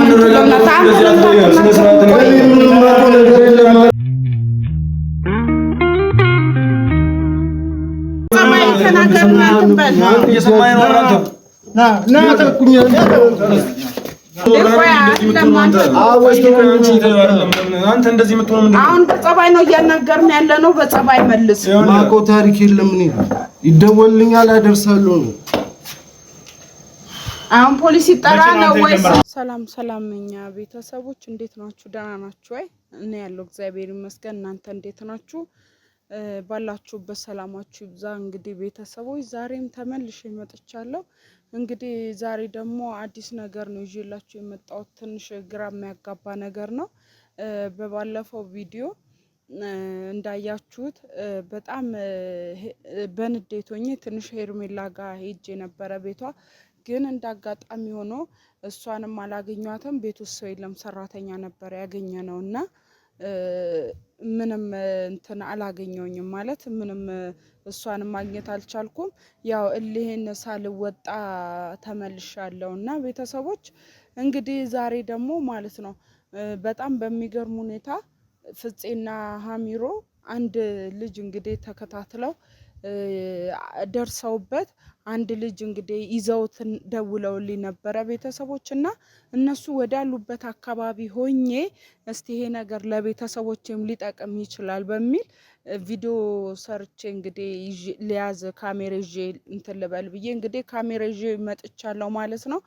አንተ እንደዚህ የምትሆነው ምንድን ነው? አሁን በጸባይ ነው እያናገርን ያለ ነው። በጸባይ መልስ ማቆ ታሪክ የለም። እኔ ይደወልልኛል፣ አደርሳለሁ ነው አሁን ፖሊስ ይጠራ ነው ወይስ? ሰላም ሰላም፣ እኛ ቤተሰቦች እንዴት ናችሁ? ደህና ናችሁ ወይ? እኔ ያለው እግዚአብሔር ይመስገን። እናንተ እንዴት ናችሁ? ባላችሁበት ሰላማችሁ ይብዛ። እንግዲህ ቤተሰቦች ዛሬም ተመልሼ መጥቻለሁ። እንግዲህ ዛሬ ደግሞ አዲስ ነገር ነው ይዤላችሁ የመጣሁት። ትንሽ ግራ የሚያጋባ ነገር ነው። በባለፈው ቪዲዮ እንዳያችሁት በጣም በንዴቶኝ ትንሽ ሄርሜላ ጋር ሄጄ ነበረ ቤቷ ግን እንደ አጋጣሚ ሆኖ እሷንም አላገኟትም። ቤት ውስጥ ሰው የለም፣ ሰራተኛ ነበር ያገኘ ነው እና ምንም እንትን አላገኘውኝም ማለት ምንም እሷን ማግኘት አልቻልኩም። ያው እልህን ሳልወጣ ተመልሻለሁ እና ቤተሰቦች እንግዲህ ዛሬ ደግሞ ማለት ነው በጣም በሚገርም ሁኔታ ፍፄና ሀሚሮ አንድ ልጅ እንግዲህ ተከታትለው ደርሰውበት አንድ ልጅ እንግዲህ ይዘውት ደውለውልኝ ነበረ ቤተሰቦች እና እነሱ ወዳሉበት አካባቢ ሆኜ እስቲ ይሄ ነገር ለቤተሰቦችም ሊጠቅም ይችላል በሚል ቪዲዮ ሰርቼ እንግዲህ ሊያዝ ካሜራ ይዤ እንትን ልበል ብዬ እንግዲህ ካሜራ ይዤ መጥቻለሁ ማለት ነው።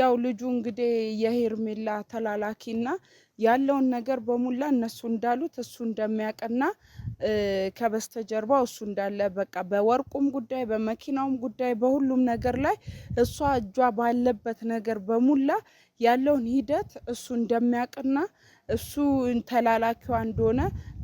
ያው ልጁ እንግዲህ የሄርሜላ ተላላኪና ያለውን ነገር በሙላ እነሱ እንዳሉት እሱ እንደሚያውቅና ከበስተጀርባ እሱ እንዳለ በቃ በወርቁም ጉዳይ በመኪናውም ጉዳይ በሁሉም ነገር ላይ እሷ እጇ ባለበት ነገር በሙላ ያለውን ሂደት እሱ እንደሚያውቅና እሱ ተላላኪዋ እንደሆነ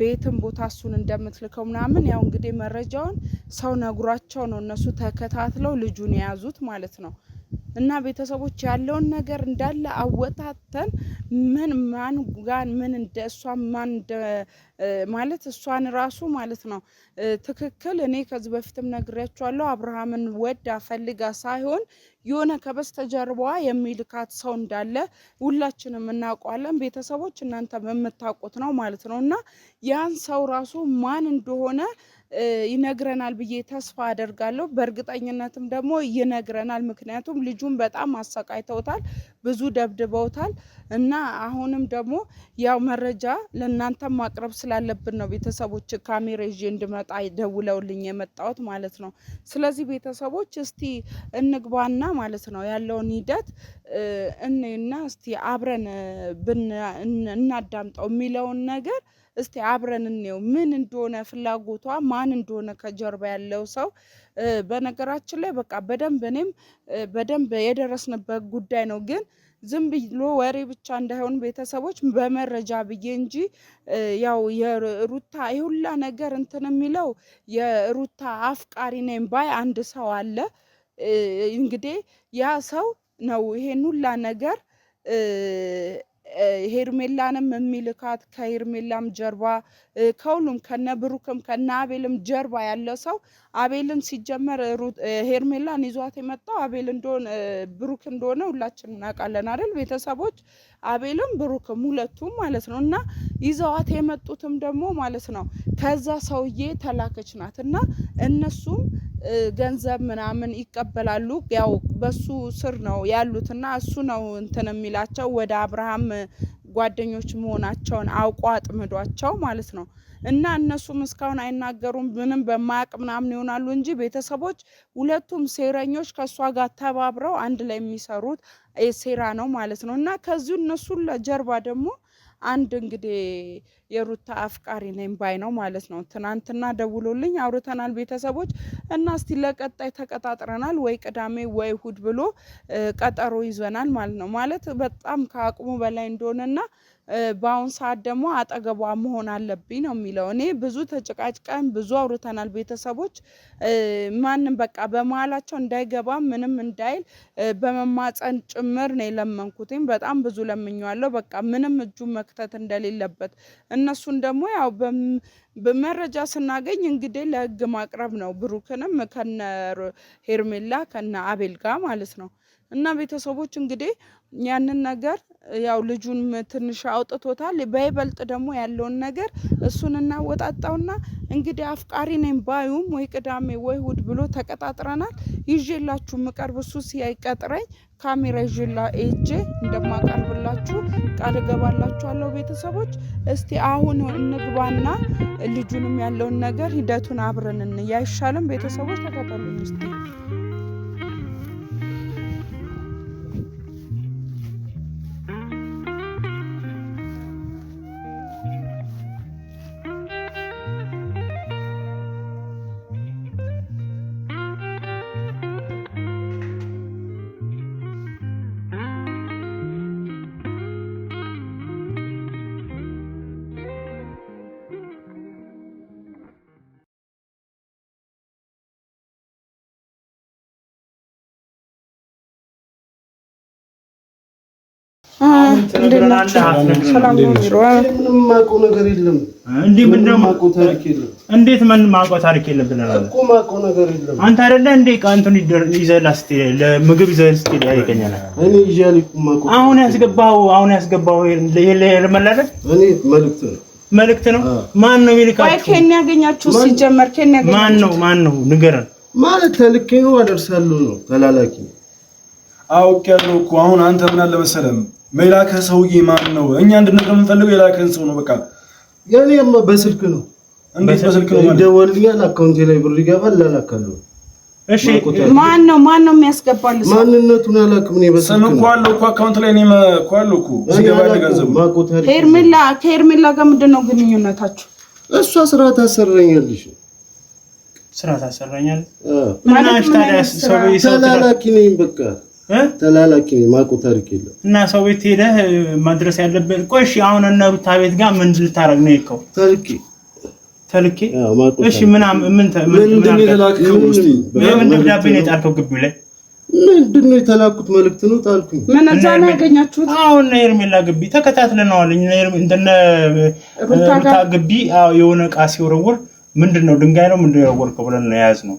በየትም ቦታ እሱን እንደምትልከው ምናምን ያው እንግዲህ መረጃውን ሰው ነግሯቸው ነው እነሱ ተከታትለው ልጁን የያዙት ማለት ነው። እና ቤተሰቦች ያለውን ነገር እንዳለ አወጣተን ምን ማን ጋን ምን እንደ እሷ ማን ማለት እሷን ራሱ ማለት ነው ትክክል። እኔ ከዚህ በፊትም ነግሬያቸዋለሁ። አብርሃምን ወዳ ፈልጋ ሳይሆን የሆነ ከበስተጀርባዋ የሚልካት ሰው እንዳለ ሁላችንም እናውቋለን። ቤተሰቦች እናንተ የምታውቁት ነው ማለት ነው እና ያን ሰው ራሱ ማን እንደሆነ ይነግረናል ብዬ ተስፋ አደርጋለሁ። በእርግጠኝነትም ደግሞ ይነግረናል። ምክንያቱም ልጁን በጣም አሰቃይተውታል፣ ብዙ ደብድበውታል እና አሁንም ደግሞ ያው መረጃ ለእናንተም ማቅረብ ስላለብን ነው ቤተሰቦች ካሜራ ይዤ እንድመጣ ደውለውልኝ የመጣሁት ማለት ነው። ስለዚህ ቤተሰቦች እስቲ እንግባና ማለት ነው ያለውን ሂደት እኔና እስቲ አብረን እናዳምጠው የሚለውን ነገር እስቲ አብረን እንየው ምን እንደሆነ ፍላጎቷ፣ ማን እንደሆነ ከጀርባ ያለው ሰው። በነገራችን ላይ በቃ በደንብ እኔም በደንብ የደረስንበት ጉዳይ ነው ግን ዝም ብሎ ወሬ ብቻ እንዳይሆን ቤተሰቦች በመረጃ ብዬ እንጂ ያው የሩታ የሁላ ነገር እንትን የሚለው የሩታ አፍቃሪ ነኝ ባይ አንድ ሰው አለ። እንግዲህ ያ ሰው ነው ይሄን ሁላ ነገር ሄርሜላንም የሚልካት ከሄርሜላም ጀርባ ከሁሉም ከነ ብሩክም ከነ አቤልም ጀርባ ያለ ሰው አቤልን ሲጀመር ሄርሜላን ይዟት የመጣው አቤል እንደሆነ ብሩክ እንደሆነ ሁላችን እናውቃለን አይደል? ቤተሰቦች አቤልም ብሩክም ሁለቱም ማለት ነው። እና ይዘዋት የመጡትም ደግሞ ማለት ነው ከዛ ሰውዬ ተላከች ናት እና እነሱም ገንዘብ ምናምን ይቀበላሉ። ያው በሱ ስር ነው ያሉት እና እሱ ነው እንትን የሚላቸው ወደ አብርሃም ጓደኞች መሆናቸውን አውቆ አጥምዷቸው ማለት ነው። እና እነሱም እስካሁን አይናገሩም፣ ምንም በማያቅ ምናምን ይሆናሉ እንጂ ቤተሰቦች ሁለቱም ሴረኞች ከእሷ ጋር ተባብረው አንድ ላይ የሚሰሩት ሴራ ነው ማለት ነው። እና ከዚሁ እነሱ ለጀርባ ደግሞ አንድ እንግዲህ የሩታ አፍቃሪ ነኝ ባይ ነው ማለት ነው። ትናንትና ደውሎልኝ አውርተናል ቤተሰቦች እና እስቲ ለቀጣይ ተቀጣጥረናል ወይ ቅዳሜ ወይ እሁድ ብሎ ቀጠሮ ይዘናል ማለት ነው። ማለት በጣም ከአቅሙ በላይ እንደሆነና በአሁን ሰዓት ደግሞ አጠገቧ መሆን አለብኝ ነው የሚለው። እኔ ብዙ ተጨቃጭቀን ብዙ አውርተናል። ቤተሰቦች ማንም በቃ በመሀላቸው እንዳይገባ ምንም እንዳይል በመማፀን ጭምር ነው የለመንኩትኝ። በጣም ብዙ ለምኜዋለሁ። በቃ ምንም እጁ መክተት እንደሌለበት እነሱን ደግሞ ያው መረጃ ስናገኝ እንግዲህ ለህግ ማቅረብ ነው። ብሩክንም ከነ ሄርሜላ ከነ አቤል ጋር ማለት ነው። እና ቤተሰቦች እንግዲህ ያንን ነገር ያው ልጁን ትንሽ አውጥቶታል። በይበልጥ ደግሞ ያለውን ነገር እሱን እናወጣጣውና እንግዲህ አፍቃሪ ነኝ ባዩም ወይ ቅዳሜ ወይ እሁድ ብሎ ተቀጣጥረናል። ይዤላችሁ ምቀርብ እሱ ሲያይቀጥረኝ ካሜራ ይዤላ እጄ እንደማቀርብላችሁ ቃል እገባላችኋለሁ። ቤተሰቦች እስቲ አሁን እንግባና ልጁንም ያለውን ነገር ሂደቱን አብረን እንያ አይሻልም? ቤተሰቦች ተከተሉኝ እስቲ እንዴት ምን ማውቀው ታሪክ የለም ብለናል እኮ ማውቀው ነገር የለም። አንተ አይደለ እንዴ ቃንቱን ስትሄድ ለምግብ ይዘህ ስትሄድ ያገኛል። አሁን ያስገባኸው አሁን ያስገባኸው ለመላለት መልዕክት ነው መልዕክት ነው። ማን ነው የሚልካችሁ? ከእኔ ያገኛችሁ ሲጀመር ከእኔ ያገኛችሁ ማን ነው ማን ነው ንገረን። ማለት ተልኬ ነው አደርሳለሁ ነው ተላላኪ አውቄያለሁ እኮ አሁን አንተ ምን አለ መሰለህ መላከ ሰውዬ ማን ነው? እኛ እንድንቀር የምንፈልገው የላከን ሰው ነው። በቃ ያኔማ በስልክ ነው እንዴት በስልክ ነው? ይደወልልኛል፣ አካውንቴ ላይ ብር ይገባል፣ እላላካለሁ። እሺ ማን ነው ማን ነው የሚያስገባልህ? ማንነቱን አላውቅም። እኔ በስልክ ስም እኮ አለው እኮ አካውንት ላይ እኔ እኮ አለው እኮ ሲገባ ገንዘቡ። ሄርሜላ ከሄርሜላ ጋር ምንድን ነው ግንኙነታችሁ? እሷ ስራ ታሰረኛለሽ ስራ ታሰረኛለሽ። ምን አሽታዳስ ሰው ይሰጣል። ተላላኪ ነኝ በቃ ተላላኪ ማቁ ታሪክ እና ሰው ቤት ሄደህ መድረስ ያለብን። ቆሽ አሁን እነ ሩታ ቤት ጋር ምን ልታረግ ነው የሄድከው? ተልኬ ተልኬ። እሺ፣ ምን ምን ምንድን የተላከው? ምን ደብዳቤ ነው የጣልከው? ግቢው ላይ ምንድን ነው የተላኩት? መልዕክት ነው ጣልኩኝ። ምን እዛ ነው ያገኛችሁት? አዎ፣ እነ ግቢ ተከታትለነዋል። እንደነ ሩታ ግቢ የሆነ እቃ ሲወረወር ምንድን ነው ድንጋይ ነው ምንድን ነው የወረወርከው ብለን ነው የያዝነው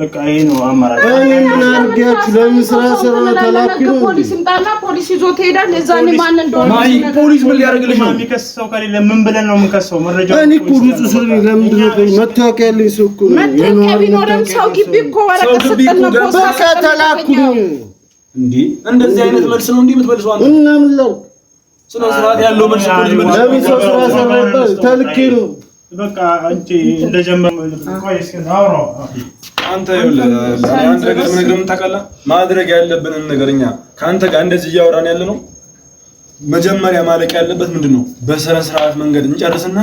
በቃ ይሄ ነው አማራጭ። እኔ ምን አድርጌያችሁ ለምን ስራ ስራ ተላኩ ነው? ፖሊስ እንጣና ፖሊስ ይዞ ትሄዳለህ። እዛ እኔ ማን እንደሆነ ፖሊስ ምን ሊያደርግልሽ ነው? የሚከሰው ከሌለ ምን ብለን ነው የምንከሰው? መረጃ እኔ እኮ ንጹህ ሰው ነኝ። ለምንድን ነው መታወቂያ ያለኝ ሰው እኮ ነኝ። መታወቂያ ቢኖርም ሰው ግቢ እኮ ወረቀት ስትል ነው። በቃ ተላኩ ነው እንዴ? እንደዚህ አይነት መልስ ነው እንዴ የምትመልሰው አንተ? እና ምን ላድርግ? ስነ ስርዓት ያለው መልስ ነው የሚመልሰው። ለምን ሰው ስራ ስራ ይባል? ተልኬ ነው በቃ አንቺ እንደጀመረ ቆይ እስኪ አውራው አንተ አንድ ነገር ምን እንደምታውቃለህ፣ ማድረግ ያለብንን ነገር እኛ ከአንተ ጋር እንደዚህ እያወራን ያለ ነው። መጀመሪያ ማለቅ ያለበት ምንድን ነው? በስነ ስርዓት መንገድ እንጨርስና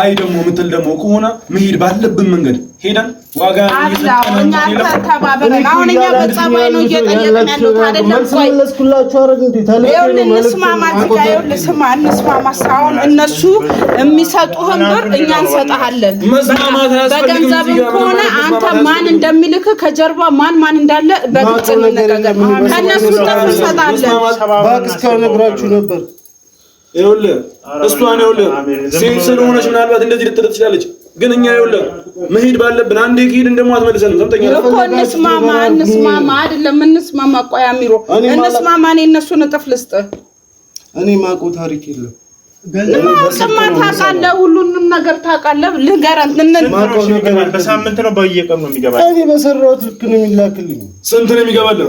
አይ ደግሞ ምትል ደግሞ ከሆነ መሄድ ባለብን መንገድ ሄደን ዋጋ ተባብረን እነሱ የሚሰጡህን ብር እኛ እንሰጥሃለን። በገንዘብም ከሆነ አንተ ማን እንደሚልክ ከጀርባ ማን ማን እንዳለ በግልጽ እንነጋገር። ከእነሱ ጥፍ እንሰጣለን። እባክህ እስካሁን ነግራችሁ ነበር ይኸውልህ እሷን ይኸውልህ ሴት ስለሆነች ምናልባት እንደዚህ ልትል ትችላለች። ግን እኛ ይኸውልህ መሄድ ባለብን አንዴ ከሄድን እንደሞ አትመልሰንም። ሰምተኛ እኮ እንስማማ፣ እንስማማ አይደለም እንስማማ። ቆይ አሚሮ እንስማማ። እኔ እነሱን እጥፍ ልስጥህ። እኔ ማውቀው ታሪክ የለም። ማወቅማ ታውቃለህ፣ ሁሉንም ነገር ታውቃለህ። ልንገረን በሳምንት ነው በየቀኑ ነው የሚገባልህ። እኔ በሰራሁት ልክ ነው የሚላክልኝ። ስንት ነው የሚገባልህ?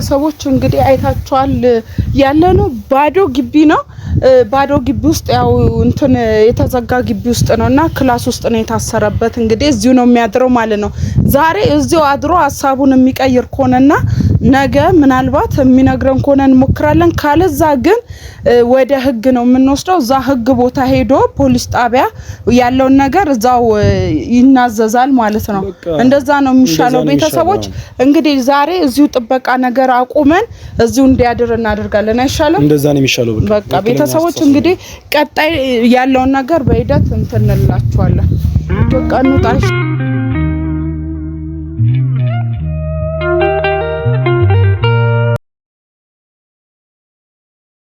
ቤተሰቦች እንግዲህ አይታችኋል ያለነው ባዶ ግቢ ነው። ባዶ ግቢ ውስጥ ያው እንትን የተዘጋ ግቢ ውስጥ ነው እና ክላስ ውስጥ ነው የታሰረበት። እንግዲህ እዚሁ ነው የሚያድረው ማለት ነው። ዛሬ እዚሁ አድሮ ሀሳቡን የሚቀይር ከሆነና ነገ ምናልባት የሚነግረን ከሆነ እንሞክራለን። ካለዛ ግን ወደ ህግ ነው የምንወስደው። እዛ ህግ ቦታ ሄዶ ፖሊስ ጣቢያ ያለውን ነገር እዛው ይናዘዛል ማለት ነው። እንደዛ ነው የሚሻለው። ቤተሰቦች እንግዲህ ዛሬ እዚሁ ጥበቃ ነገር አቁመን እዚሁ እንዲያድር እናደርጋለን። እንሄዳለን አይሻልም? እንደዛ ነው የሚሻለው። በቃ ቤተሰቦች እንግዲህ ቀጣይ ያለውን ነገር በሂደት እንትንላችኋለን። በቃ እንውጣ።